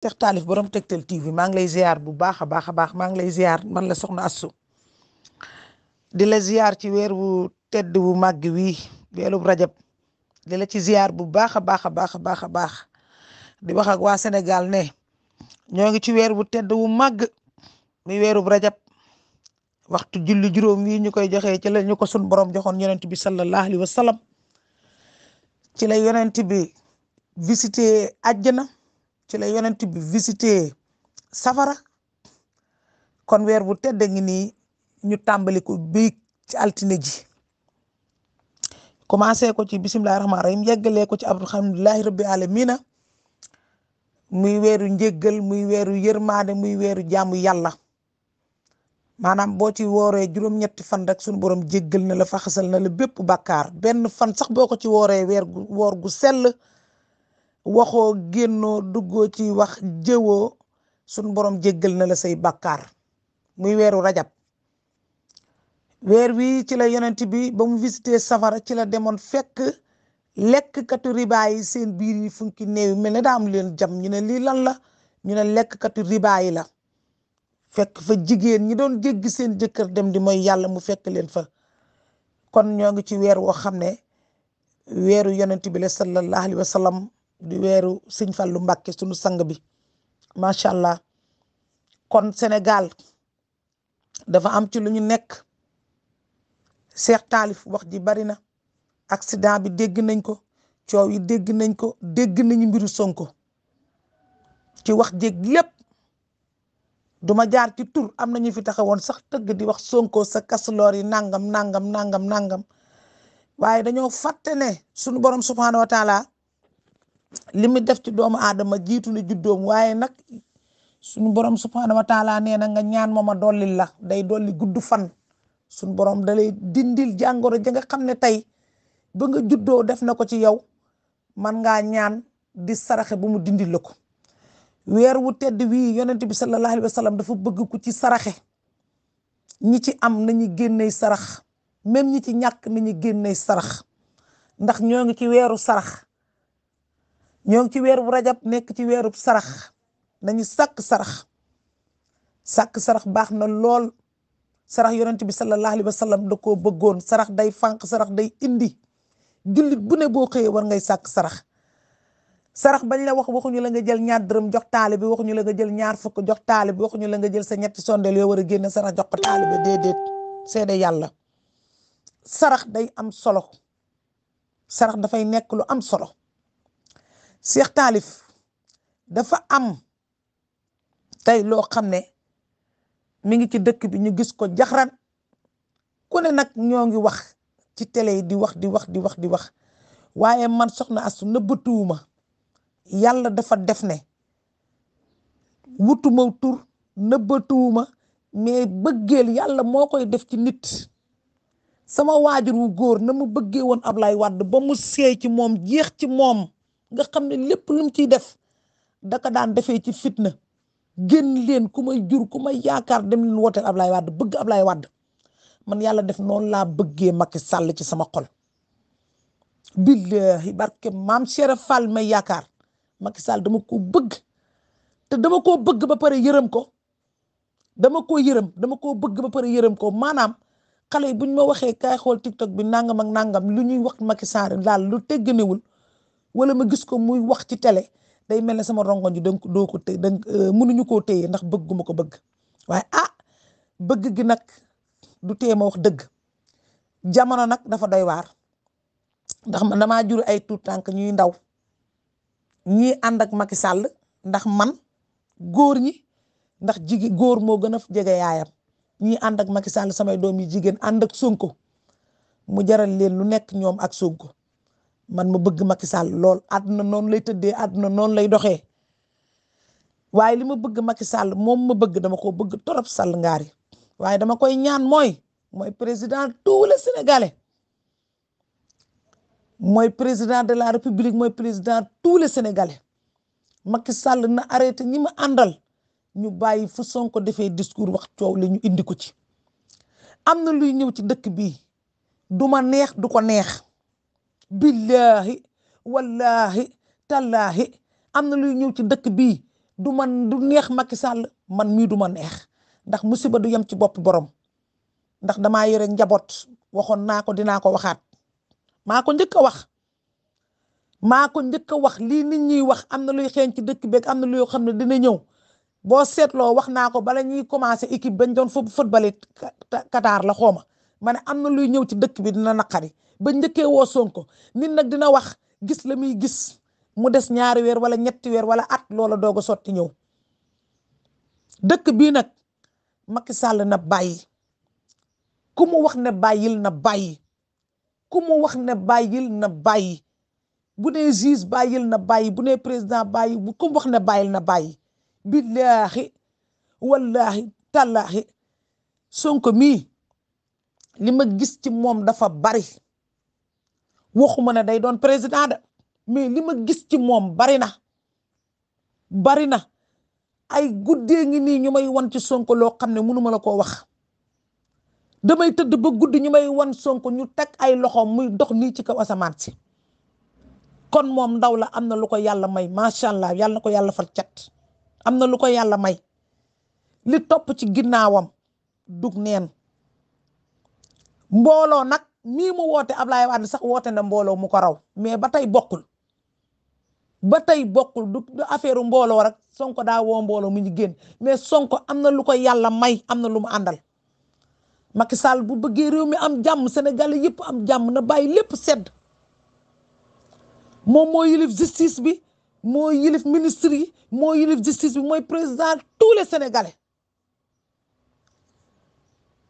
Cheikh Taalif borom Tektal TV maa ngi lay ziar bu baax a baax a baax maa ngi lay ziar man la soxna Assu di la ziar ci weer wu tedd bu màgg wii weerub rajab di ci ziar bu baax a baax a baax baax a baax di wax waa Sénégal ne ñoo ngi ci weer wu tedd wu màgg mi weerub rajab waxtu julli juróom wii ñu koy joxe ci la ñu ko sun borom joxoon yonent bi sallallahu alayhi wa sallam ci la yonent bi visité àjjana. ci la yonent bi visité safara kon weer bu tedd ngi nii ñu tàmbali ko bii ci altine ji commencé ko ci bisimilah rahmaani rahim yeggalee ko ci alhamdulilahi rabbi alamina muy weeru njëggal muy weeru yërmaande muy weeru jaamu yàlla maanaam boo ci wooree juróom-ñetti fan rek sunu boroom jéggal na la faxasal na la bépp bakkaar benn fan sax boo ko ci wooree weer gu woor gu sell waxoo génnoo duggoo ci wax jëwoo sun boroom jéggal na la say bakkaar muy weeru rajab weer wii ci la yonent bi ba mu visité safara ci la demoon fekk lekk katu riba yi seen biir yi funki néew mel ne daa am leen jam ñu ne lii lan la ñu ne lekk katu riba yi la fekk fa jigéen ñi doon jégg seen jëkkër dem di mooy yàlla mu fekk leen fa kon ñoo ngi ci weer woo xam ne weeru yonent bi la sallallahu alayhi wa di weeru sëñ Fallu Mbàkke sunu sang bi macha allah kon Sénégal dafa am ci lu ñu nekk Cheikh Taalif wax ji bari na accident bi dégg nañ ko coow dégg nañ ko dégg nañu mbiru Sonko ci wax jéeg lépp duma jaar ci tur am na ñu fi taxawoon sax tëgg di wax Sonko sa kasloor nangam nangam nangam nangam waaye dañoo fàtte ne sunu borom subhaanahu wa li mu def ci doomu aadama jiitu na juddoom waaye nag suñu borom subhaanahu wa taala nee na nga ñaan ma ma dollil la day dolli gudd fan suñu borom dalay dindil jàngoro ji nga xam ne tey ba nga juddoo def na ko ci yow man ngaa ñaan di saraxe bu mu dindil la ko weer wu tedd wii yonent bi sallallahu alayhi wa sallam dafa bëgg ku ci saraxe ñi ci am nañu génney sarax même ñi ci ñàkk nañu génney sarax ndax ñoo ngi ci weeru sarax ñoo ngi ci weerub rajab nekk ci weerub sarax nañu sàkk sarax sàkk sarax baax na lool sarax yonent bi sallallahu alayhi wa sallam da koo bëggoon sarax day fànq sarax day indi jullit bu ne boo xëyee war ngay sàkk sarax sarax bañ la wax waxuñu la nga jël ñaar dërëm jox taali bi waxuñu la nga jël ñaar fukk jox taali bi waxuñu la nga jël sa ñetti sondeel yoo war a génne sarax jox ko taali bi déedéet seede yàlla sarax day am solo sarax dafay nekk lu am solo Cheikh Taalif dafa am tey loo xam ne mu ngi ci dëkk bi ñu gis ko jaxran ku ne nag ñoo ngi wax ci télé yi di wax di wax di wax di wax waaye man soxna astu nëbbatuwuma yàlla dafa def ne wutuma tur nëbbatuwuma mais bëggeel yàlla moo koy def ci nit sama waajur wu góor na mu bëggee woon ab Ablaye wàdd ba mu seey ci moom jeex ci moom nga xam ne lépp lu mu ciy def daka daan defee ci fitna génn leen ku may jur ku may yaakaar dem leen wooteel Ablaye Wade bëgg Ablaye Wade man yàlla def noonu laa bëggee Macky Sall ci sama xol billahi barke maam Cheikh Fall ma yaakaar Macky Sall dama ko bëgg te dama koo bëgg ba pare yërëm ko dama ko yërëm dama koo bëgg ba pare yërëm ko maanaam xale yi buñ ma waxee kaay xool TikTok bi nangam ak nangam lu ñuy wax Macky Sall daal lu tegganewul wala ma gis ko muy wax ci tele day mel ne sama rongoñ ji donc doo ko téye donc euh, mënuñu koo téye ndax bëgg gu ma ko bëgg waaye ah bëgg gi nag du téye ma wax dëgg jamono nag dafa doy waar ndax man damaa jur ay tuut tànk ñuy ndaw ñii ànd ak Macky Sall ndax man góor ñi ndax jigi góor moo gën a jege yaayam ñii ànd ak Macky Sall samay doom yi jigéen ànd ak Sonko mu jaral leen lu nekk ñoom ak Sonko man ma bëgg Macky Sall lool àdduna noonu lay tëddee àdduna noonu lay doxee waaye li ma bëgg Macky Sall moom ma bëgg dama ko bëgg torop Sall ngaari waaye dama koy ñaan mooy mooy président tous les Sénégalais mooy président de la République mooy président tous les Sénégalais Macky Sall na arrêté ñi ma àndal ñu bàyyi fu Sonko defee discours wax coow la ñu indi ko ci am na luy ñëw ci dëkk bi du ma neex du ko neex billaahi wallaahi tallaahi am na luy ñëw ci dëkk bi du man du neex Macky Sall man mii du ma neex ndax mu siba du yem ci bopp borom ndax dama yore njaboot waxoon naa ko dinaa ko waxaat maa ko njëkk a wax maa ko njëkk wax lii nit ñiy wax am na luy xeen ci dëkk beeg am na loo xam ne dina ñëw boo seetloo wax naa ko bala ñuy commencé équipe bañ doon football it Qatar la xooma ma ne am na luy ñëw ci dëkk bi dina naqari ba njëkkee woo Sonko nit nag dina wax gis la muy gis mu des ñaari weer wala ñetti weer wala at loola doog a sotti ñëw dëkk bii nag Macky Sall na bàyyi ku mu wax ne bàyyil na bàyyi ku mu wax ne bàyyil na bàyyi bu nee juge bàyyil na bàyyi bu ne président bàyyi bu wax ne bàyyil na bàyyi billaahi wallaahi tallaahi Sonko mii li ma gis ci moom dafa bari ma ne day doon président de mais li ma gis ci moom bari na bari na ay guddee ngi nii ñu may wan ci Sonko loo xam ne ma la koo wax damay tëdd ba guddi ñu may wan Sonko ñu teg ay loxoom muy dox nii ci kaw asamaan si kon moom ndaw la am na lu ko yàlla may macha allah yàlla na ko yàlla far cat am na lu ko yàlla may li topp ci ginnaawam dug neen mbooloo nag nii mu woote Ablaye Wade sax woote na mbooloo mu ko raw mais ba tey bokkul ba tey bokkul du affaire mbooloo rek Sonko daa woo mbooloo mu ñu génn mais Sonko am na lu ko yàlla may am na lu mu àndal Macky Sall bu bëggee réew mi am jàmm Sénégal yëpp am jàmm na bàyyi lépp sedd moom moo yilif justice bi moo yilif ministre yi moo yilif justice bi mooy président tous les Sénégalais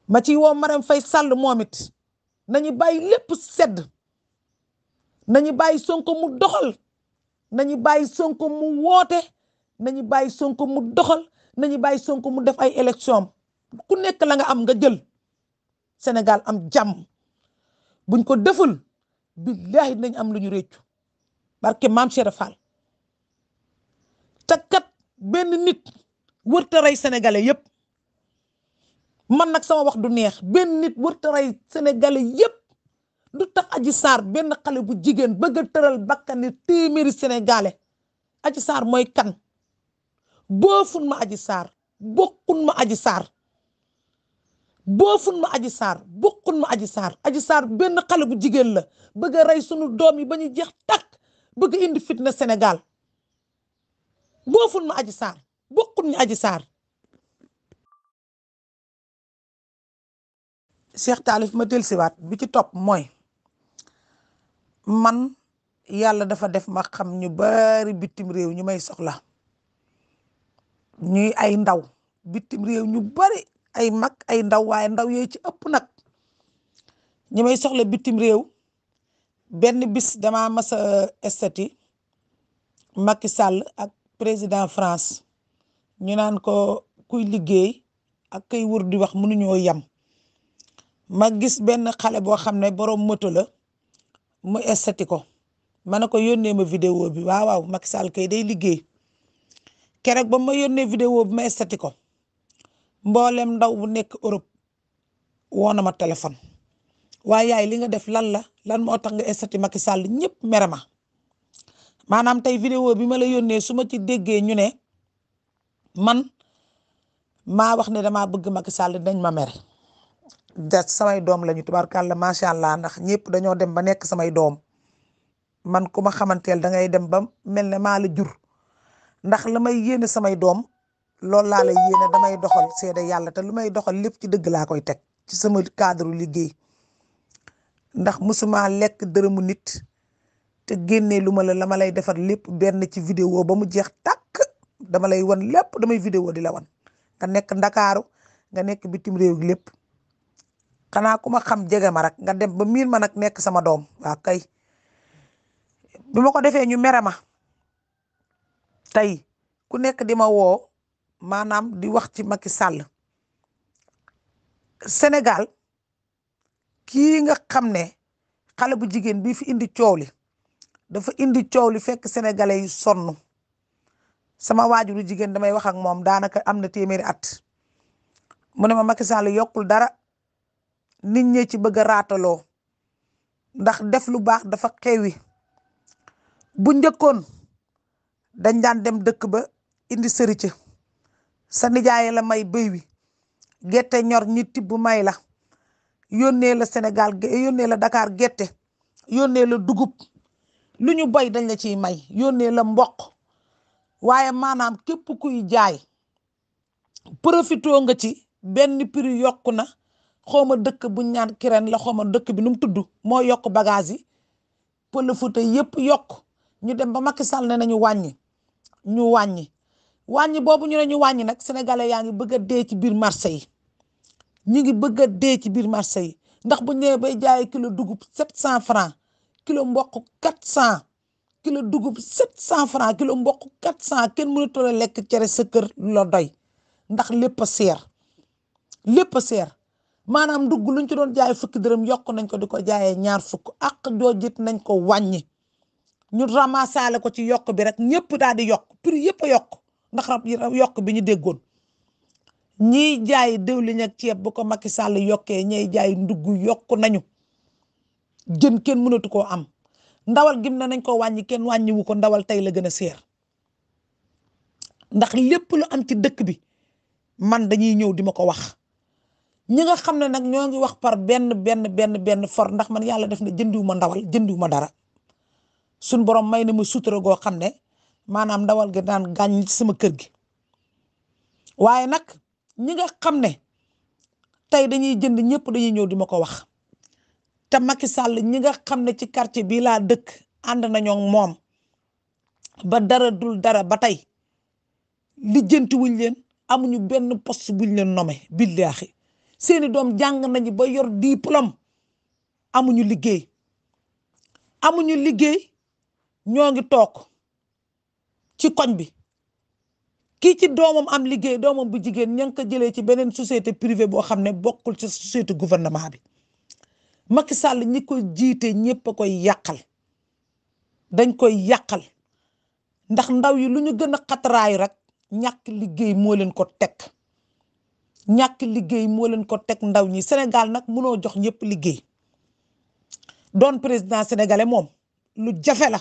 ma ci woo Marème Faye Sall moom it nañu bàyyi lépp sedd nañu bàyyi sonko mu doxal nañu bàyyi sonko mu woote nañu bàyyi sonko mu doxal nañu bàyyi sonko mu def ay élection ku nekk la nga am nga jël senegal am jàmm buñ ko deful billahi nañ am lu ñu réccu barke maam Cheikh Fall takkat benn nit wërta rey sénégalais yépp man nag sama wax du neex benn nit wërta rey sénégalais yépp du tax aji saar benn xale bu jigéen bëgg a tëral bakkani téeméeri sénégalais aji saar mooy kan boofun ma aji saar bokkun aji saar boofun ma aji saar bokkun ma benn xale bu jigéen la bëgg a rey sunu doom yi ba ñu jeex takk bëgg indi fitna sénégal boofun ma aji saar bokkun ñu saar Cheikh Taalif ma dellusiwaat bi ci topp mooy man yàlla dafa def ma xam ñu bari bitim réew ñu may soxla ñuy ay ndaw bitim réew ñu bari ay mag ay ndaw waaye ndaw yooyu ci ëpp nag ñi may soxla bitim réew benn bis dama masa estati Macky Sall ak président France ñu naan ko kuy liggéey ak kay wër di wax mënuñoo yem ma gis benn xale boo xam ne borom moto la mu estati ko ma ne ko yónnee ma video bi waaw waaw Macky Sall kay day liggéey keroog ba ma yónnee vidéo bi ma estati ko mboolem ndaw bu nekk Europe woo na ma téléphone waaye yaay li nga def lan la lan moo tax nga estati Macky Sall ñëpp mere ma maanaam tey vidéo bi ma la yónnee su ma ci déggee ñu ne man maa wax ne damaa bëgg Macky Sall dañ ma mere. da samay doom la lañu tubaarkàlla macha allah ndax ñëpp dañoo dem ba nekk samay doom man ku ma xamanteel da ngay dem ba mel ne maala jur ndax la may yéene samay doom loolu laa lay yéene damay doxal seede yàlla te lu may doxal lépp ci dëgg laa koy teg ci sama cadre liggéey ndax musuma lekk dërëmu nit te génnee lu ma la la ma lay defar lépp benn ci vidéo ba mu jeex tàkk dama lay wan lépp damay video di la wan nga nekk ndakaaru nga nekk bitim réew lépp. xanaa ku ma xam jege ma rek nga dem ba miir ma nag nekk sama doom waa kay bi ma ko defee ñu mere ma tey ku nekk di ma woo maanaam di wax ci Macky Sall Sénégal kii nga xam ne xale bu jigéen bii fi indi coow li dafa indi coow li fekk sénégalais yu sonn sama waajuru jigéen damay wax ak moom daanaka am na téeméeri at mu ne ma Macky Sall yokkul dara. nit ñi ci bëgg a raataloo ndax def lu baax dafa xewi bu njëkkoon dañ daan dem dëkk ba indi sërica sa nijaay la may béy wi gerte ñor ñi tibb may la yónnee la Sénégal yónnee la Dakar gerte yónnee la dugub lu ñu bay dañ la ciy may yónnee la mboq waaye maanaam képp kuy jaay profitoo nga ci benn prix yokk na xawma dëkk bu ñaan kireen la xawma dëkk bi nu mu tudd moo yokk bagage yi pël Fuuta yëpp yokk ñu dem ba Macky Sall ne nañu wàññi ñu wàññi wàññi boobu ñu ne ñu wàññi nag sénégalais yaa ngi bëgg a dee ci biir marché yi ñu ngi bëgg a dee ci biir marché yi ndax bu ñëwee bay jaay kilo dugub sept cent franc kilo mboq quatre cent kilo dugub sept cent franc kilo mboq quatre cent kenn mënatoo la lekk cere sa kër la doy ndax lépp a seer lépp seer maanaam ndugg luñ ci doon jaay fukki dërëm yokk nañ ko di ko jaaye ñaar fukk ak joojit nañ ko wàññi ñu ramassaale ko ci yokk bi rek ñëpp daal di yokk prix yëpp a yokk yokk bi ñu déggoon ñiy jaay diwlin ak ceeb bu ko Macky Sall yokkee ñiy jaay ndugg yokk nañu jën kenn mënatu koo am ndawal gim na nañ ko wàññi kenn wàññiwu ko ndawal tey la gën a seer ndax lépp lu am ci dëkk bi man dañuy ñëw dima ko wax ñi nga xam ne nag ñoo ngi wax par benn benn benn benn for ndax man yàlla def na jëndiwu ma ndawal jëndiwu ma dara suñ borom may na ma sutura goo xam ne maanaam ndawal gi daan gàññ ci sama kër gi waaye nag ñi nga xam ne tey dañuy jënd ñëpp dañuy ñëw dima ko wax te Macky Sall ñi nga xam ne ci quartier bii laa dëkk ànd nañoo moom ba dara dul dara ba tey lijjanti wuñ leen amuñu benn poste buñ leen nommé billaahi seeni doom jàng nañu ba yor diplôme amuñu liggéey amuñu liggéey ñoo ngi toog ci koñ bi kii ci doomam am liggéey doomam bu jigéen ña ngi ko jëlee ci beneen société privée boo xam ne bokkul ci société gouvernement bi Macky Sall ñi ko jiite ñépp a koy yàqal dañ koy yàqal ndax ndaw yi lu ñu gën a xataraayu rek ñàkk liggéey moo leen ko teg ñàkk liggéey moo leen ko teg ndaw ñi Sénégal nag mënoo jox ñëpp liggéey doon président sénégalais moom lu jafe la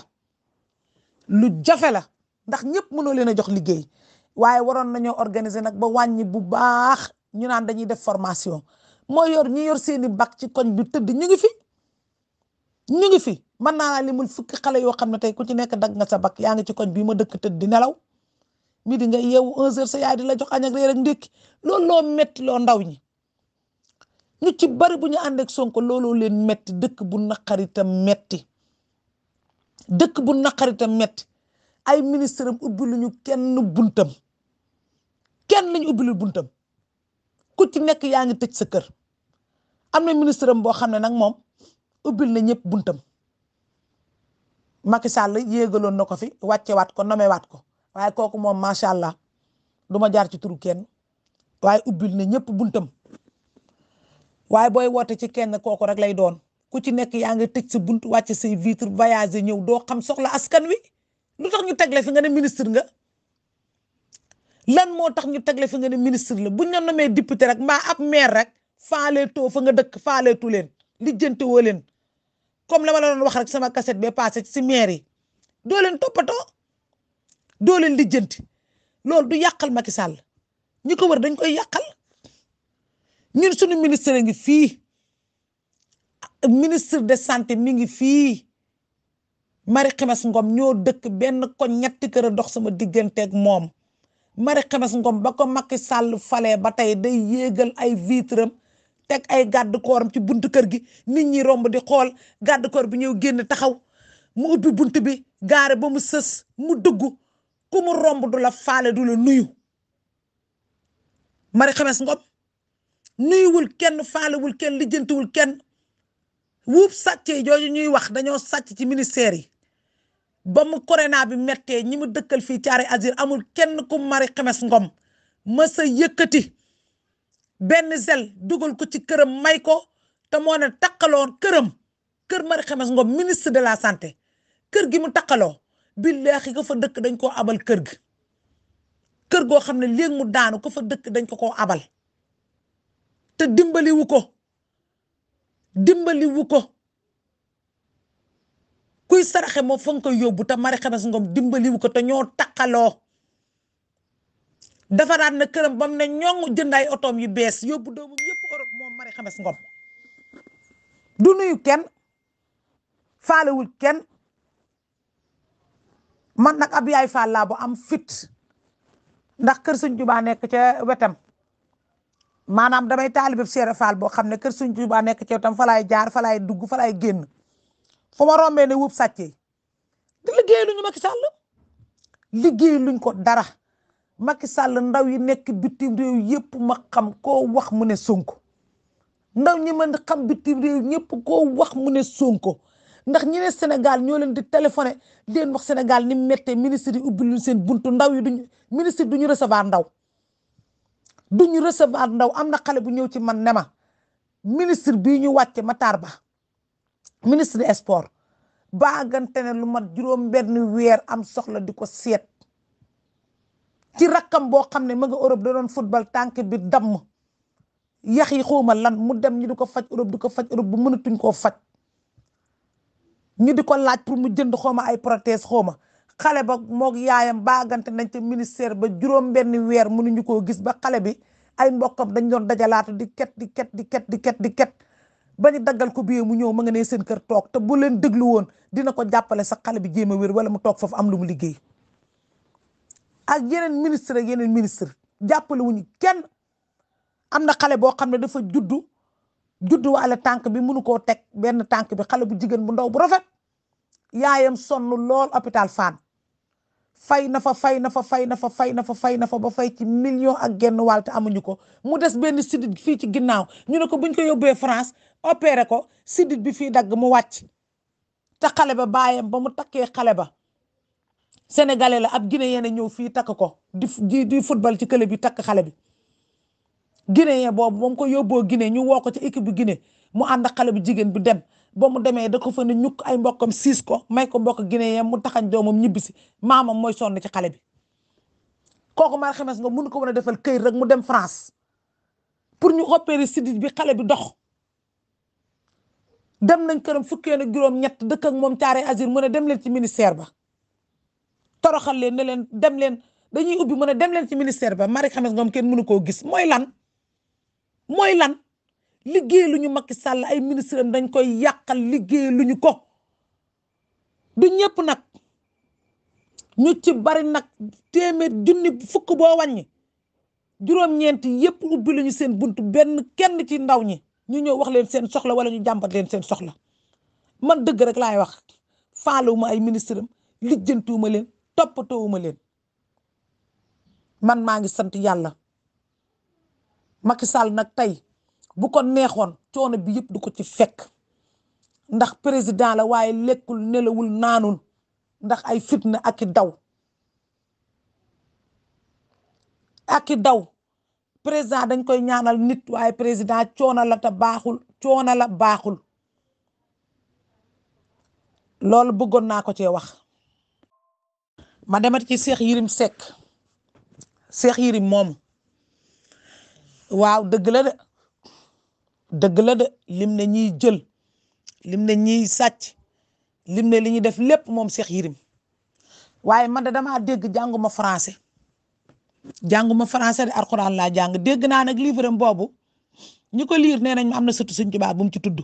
lu jafe la ndax ñëpp mënoo leen a jox liggéey waaye waroon nañoo organiser nag ba wàññi bu baax ñu naan dañuy def formation moo yor ñi yor seeni bac ci koñ bi tëdd ñu ngi fi ñu ngi fi mën naa laa limul fukki xale yoo xam ne tey ku ci nekk dag nga sa bac yaa ngi ci koñ bii ma dëkk tëdd di nelaw midi nga yeewu 1h sa yaay di la jox a ak reer ak ndékki loolu loo metti loo ndaw ñi ñu ci bari bu ñu ànd ak Sonko looloo leen metti dëkk bu naqaritam metti dëkk bu naqaritam metti ay ministre am ubbi lu ñu kenn buntam kenn lañu ubbi lu buntam ku ci nekk yaa ngi tëj sa kër am na ministre am boo xam ne nag moom ubil na ñëpp buntam Macky Sall yéegaloon na ko fi wàccewaat ko nomewaat ko waaye kooku moom macha allah du ma jaar ci turu kenn waaye ubbil na ñëpp buntam waaye booy woote ci kenn kooku rek lay doon ku ci nekk yaa ngi tëj sa bunt wàcc say vitre voyager ñëw doo xam soxla askan wi lu tax ñu tegle fi nga ne ministre nga lan moo tax ñu tegle fi nga ne ministre la buñ la nommee député rek mbaa ab maire rek too fa nga dëkk faaleetu leen lijjante woo leen comme la ma la doon wax rek sama cassette bee passé ci maire yi doo leen toppatoo. doole leen lijjanti loolu du yàqal Macky Sall ñi ko wër dañ koy yàqal ñun suñu ministre ngi fii ministre de santé mi ngi fii Marie Khemesse Ngom ñoo dëkk benn ko ñetti kër a dox sama digganteeg moom mari Khemesse Ngom ba ko Macky Sall falee ba tey day yéegal ay vitre am teg ay garde corps ci buntu kër gi nit ñi romb di xool garde corps bi ñëw génn taxaw mu ubbi bunt bi gaare ba mu sës mu dugg ku mu romb du la faale du la nuyu Marie Khemesse Ngom nuyuwul kenn faalewul kenn lijjantiwul kenn wuub sàcc yi jooju ñuy wax dañoo sàcc ci ministère yi ba mu corona bi mettee ñi mu dëkkal fii caari azir amul kenn ku mari Khemesse Ngom mësa yëkkati benn sel dugal ko ci këram may ko te moo ne këram kër mari Khemesse Ngom ministre de la sante kër gi mu takkaloo billaahi nga fa dëkk dañ koo abal kër gi kër goo xam ne léegi mu daanu ko fa dëkk dañ ko koo abal te dimbaliwu ko dimbaliwu ko kuy saraxe moom fa nga koy yóbbu te mari xemes ngoom dimbaliwu ko te ñoo taqaloo defaraat na këram bam ne ñoŋ jëndaay otoom yu bees yóbbu doomam yëpp Europe moom mari xemes ngoom du nuyu kenn faalewul kenn man nag ab yaay Fall laa bu am fit ndax kër Sëñ Tuubaa nekk ca wetam maanaam damay taalibe Seere Fall boo xam ne kër Sëñ Tuubaa nekk ca wetam fa jaar fa dugg fa laay génn fu ma rombee ne wub sàccee di liggéey luñu Macky Sall liggéey luñ ko dara Macky Sall ndaw yi nekk bitim réew yëpp ma xam koo wax mu ne Sonko ndaw ñi man xam bitim réew ñëpp ko wax mu ne Sonko ndax ñeneen senegal ñoo leen di téléphoné di leen wax senegal ni méttee ministre yi ubbi seen buntu ndaw yi duñu ministre duñu recevoir ndaw duñu recevoir ndaw am na xale bu ñëw ci man ne ma ministre bii ñu wàcce Matar Ba ministre des sports baagante lu mat juróom benn weer am soxla di ko seet ci rakkam boo xam ne ma nga Europe da doon football tànk bi damm yax yi xawma lan mu dem ñu di ko faj Europe di ko faj Europe bu mënatuñ koo faj ñu di ko laaj pour mu jënd xooma ay prothèse xooma xale ba moog yaayam baagante nañ ca ministère ba juróom benn weer mënuñu koo gis ba xale bi ay mbokkam dañ doon dajalaatu di ket di ket di ket di ket ba ñu daggal ko biyee mu ñëw ma nga ne seen kër toog te bu leen déglu woon dina ko jàppale sax xale bi jéem a wér wala mu toog foofu am lu mu liggéey ak yeneen ministre ak yeneen ministre jàppale ñu kenn am na xale boo xam ne dafa juddu judduwaale tànk bi mënu koo teg benn tànk bi xale bu jigéen bu ndaw bu rafet yaayam sonn lool hôpital Fann fay na fa fay na fa fay na fa fay na fa fay na fa ba fay ci million ak genn wàll te amuñu ko mu des benn sidit fii ci ginnaaw ñu ne ko buñ ko yóbbee France opere ko sidit bi fii dagg mu wàcc ta xale ba baayam ba mu takkee xale ba sénégalais la ab guinéen a ñëw fii takk ko di di football ci club bi takk xale bi guinéen boobu moom ko yóbboo ginee ñu woo ko ci équipe bu Guinée mu ànd ak xale bu jigéen bu dem ba mu demee da ko fa ne ñukk ay mbokkam siis ko may ko ginee guinéen mu taxañ doomam ñibbisi maamam mooy sonn ci xale bi kooku mar xemes nga mun ko mën a defal këyit rek mu dem France pour ñu opérer sidit bi xale bi dox dem nañ këram fukkee ak juróom ñett dëkk moom caare azur mu ne dem leen ci ministère ba toroxal leen ne leen dem leen dañuy ubbi mu ne dem leen ci ministère ba mari xames ngoom kenn mënu koo gis mooy lan mooy lan liggéey lu ñu Macky Sall ay ministre dañ koy yàqal liggéey lu ñu ko du ñëpp nag ñu ci bari nag téeméer junni fukk boo wàññi juróom-ñeent yëpp ubbi lañu seen bunt benn kenn ci ndaw ñi ñu ñëw wax leen seen soxla wala ñu jàmbat leen seen soxla man dëgg rek laay wax faalewuma ay ministre am lijjantuwuma leen toppatoowuma leen man maa ngi sant yàlla Macky Sall nag tey bu ko neexoon coono bi yëpp du ko ci fekk ndax président la waaye lekkul nelawul naanul ndax ay fitna ak i daw ak daw président dañ koy ñaanal nit waaye président coono la te baaxul coono la baaxul loolu bëggoon naa ko cee wax ma demat ci Cheikh Yirim Seck Cheikh Yirim moom waaw dëgg la de dëgg la lim ne ñiy jël lim na ñiy sàcc lim ne li ñuy def lépp moom Cheikh Yérim waaye man de damaa dégg jànguma france jànguma français de alxuraan laa jàng dégg naa nag livre am boobu ñi ko liir nee nañ am na sëtu Sëñ Tuubaa bu mu ci tudd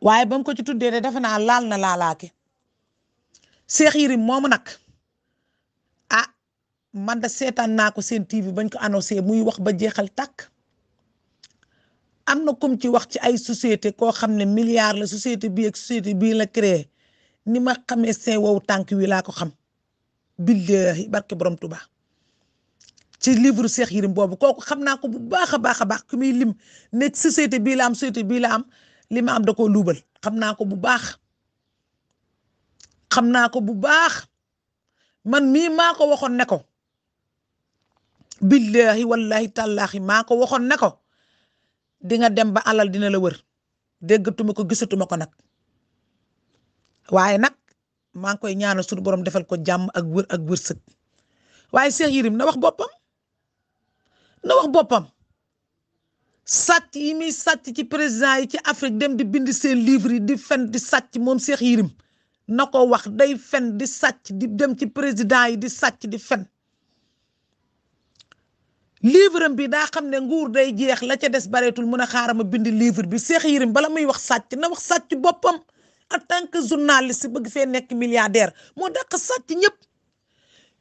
waaye ba mu ko ci tuddee de defe naa laal na laalaake Cheikh Yérim moomu nag. man da seetaan naa ko seen TV bañ ko annoncé muy wax ba jeexal takk am na comme ci wax ci ay societe koo xam ne milliar la société bii ak société bii la créé ni ma xamee seen wow tànk wi laa ko xam billahi barke borom Tuba ci livre Cheikh Yérim boobu kooku xam naa ko bu baax baax a baax ku muy lim bii la am société bii la am li am da koo luubal xam naa ko bu baax xam naa ko bu baax man mii maa ko waxoon ne ko billahi wallahi tàllaahi maa ko waxoon na ko dinga dem ba alal dina la wër déggatuma ko gisatuma ko nag waaye nag maa ngi koy ñaanal suñu borom defal ko jàmm ak wër ak wërsëg waaye Cheikh Yérim na wax boppam na wax boppam sàcc yi muy sàcc ci président yi ci Afrique dem di bind seen livre yi di fen di sàcc moom Cheikh Yérim na ko wax day fen di sàcc di dem ci président yi di sàcc di fen livre am bi daa xam ne nguur day jeex la ca des bareetul mun a xaaral ma bind livre bi Cheikh Yérim bala muy wax sàcc na wax sàcc boppam a tant que journaliste bëgg fee nekk milliardaire moo dàq sàcc ñëpp.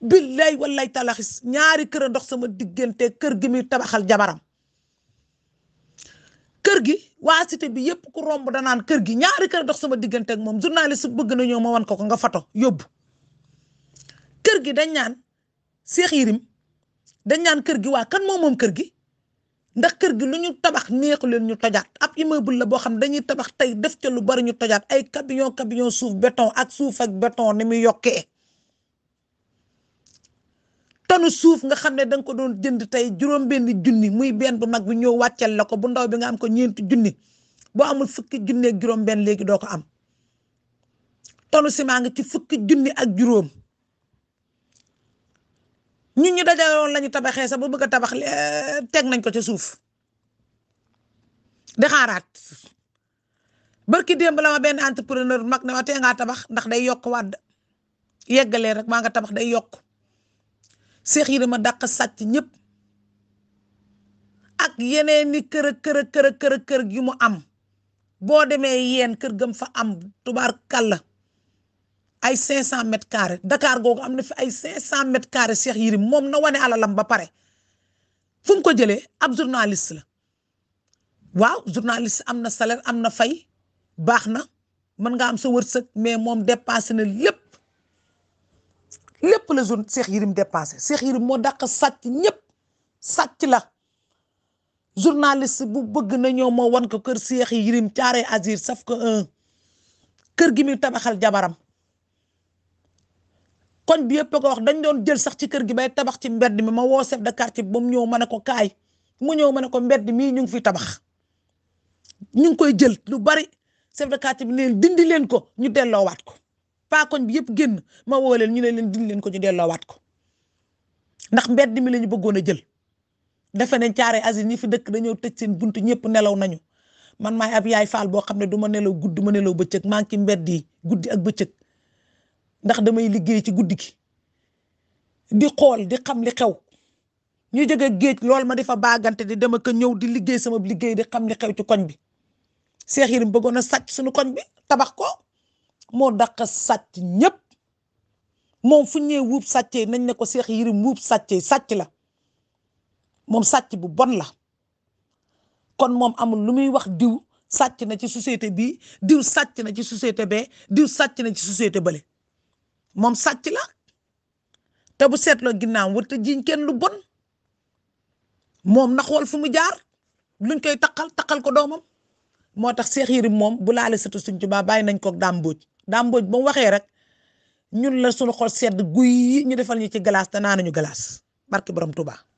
billay walay talaxis ñaari kër a ndox sama diggante kër gi muy tabaxal jabaram kër gi waa bi yëpp ku romb danaan kër gi ñaari kër a ndox sama diggante ak moom journaliste bëgg na ñoo ma wan ko ko nga fato yóbbu kër gi dañ naan Cheikh dañ naan kër gi waa kan moo moom kër gi ndax kër gi lu ñu tabax neexu leen ñu tojaat ab immeuble la boo xam dañuy tabax tey def ca lu bari ñu tojaat ay camion camion suuf béton ak suuf ak béton ni mu yokkee tanu suuf nga xam ne da ko doon jënd tey juróom benn junni muy benn bu mag bi ñëw wàccel la ko bu ndaw bi nga am ko ñeenti junni boo amul fukki junni ak léegi doo ko am tonu ciment nga ci fukki junni ak juróom ñu ñu dajaloon lañu tabaxee sax ba bëgg a tabax teg nañ ko ci suuf di xaaraat barki démb la ma benn entrepreneur mag ne ma tee tabax ndax day yokk wàdd yeggalee rek maa nga tabax day yokk seex yi dama dàq sàcc ñëpp ak yeneen ni kër kër kër mu am boo demee yeen kër gëm fa am tubaar kàlla ay 500 mètres carrés Dakar googu am na fi ay 500 mètres carrés seex Yérim moom na wane alalam ba pare fu ko jëlee ab journaliste la waaw journaliste am na salaire am na fay baax na mën nga am sa wërsëg mais moom dépassé na lépp lépp la zone Cheikh Yérim dépassé Cheikh Yérim moo dàq sàcc ñëpp sàcc la journaliste bu bëgg na ñoo moo wan ko kër Cheikh Yérim caare azir saf ko kër gi muy tabaxal jabaram koñ bi yëpp ko wax dañ doon jël sax ci kër gi bay tabax ci mbedd mi ma woo chef de quartier ba mu ñëw ma ne ko kaay mu ñëw ma ne ko mbedd mii ñu ngi fi ñu ngi koy jël lu bari chef de quartier bi dindi leen ko ñu delloowaat ko paa bi yëpp génn ma woo leen ñu ne leen dindi leen ko ñu delloowaat ko ndax mbedd mi la bëggoon a jël defe nañ caare asi ñi fi dëkk dañoo tëj seen bunt ñëpp nelaw nañu man maay ab yaay faal boo xam ne du ma nelaw guddi ma nelaw bëccëg maa ngi ci mbedd yi guddi ak bëccëg ndax damay liggéey ci guddi gi di xool di xam li xew ñu jóge géej lool ma di fa baagante di dama ko ñëw di liggéey sama liggéey di xam li xew ci koñ bi seex Yérim bëggoon a sàcc suñu koñ bi tabax ko moo daq sàcc ñëpp moom fu ñëwee sàccee nañ ne ko Cheikh Yérim wuub sàccee sàcc la moom sàcc bu bon la kon moom amul lu muy wax diw sàcc na ci société bi diw sàcc na ci société bee diw sàcc na ci société bële moom sàcc la te bu seetloo ginnaaw warta jiñ kenn lu bon moom na xool fu mu jaar luñ koy taqal taqal ko doomam moo tax seex Yérim moom bu laale sëtu Sëñ Tuubaa bàyyi nañ ko Dame Mbodj Dame Mbodj ba waxee rek ñun la suñu xol sedd guy ñu defal ñu ci glace te naa nañu galaas barke borom tubaa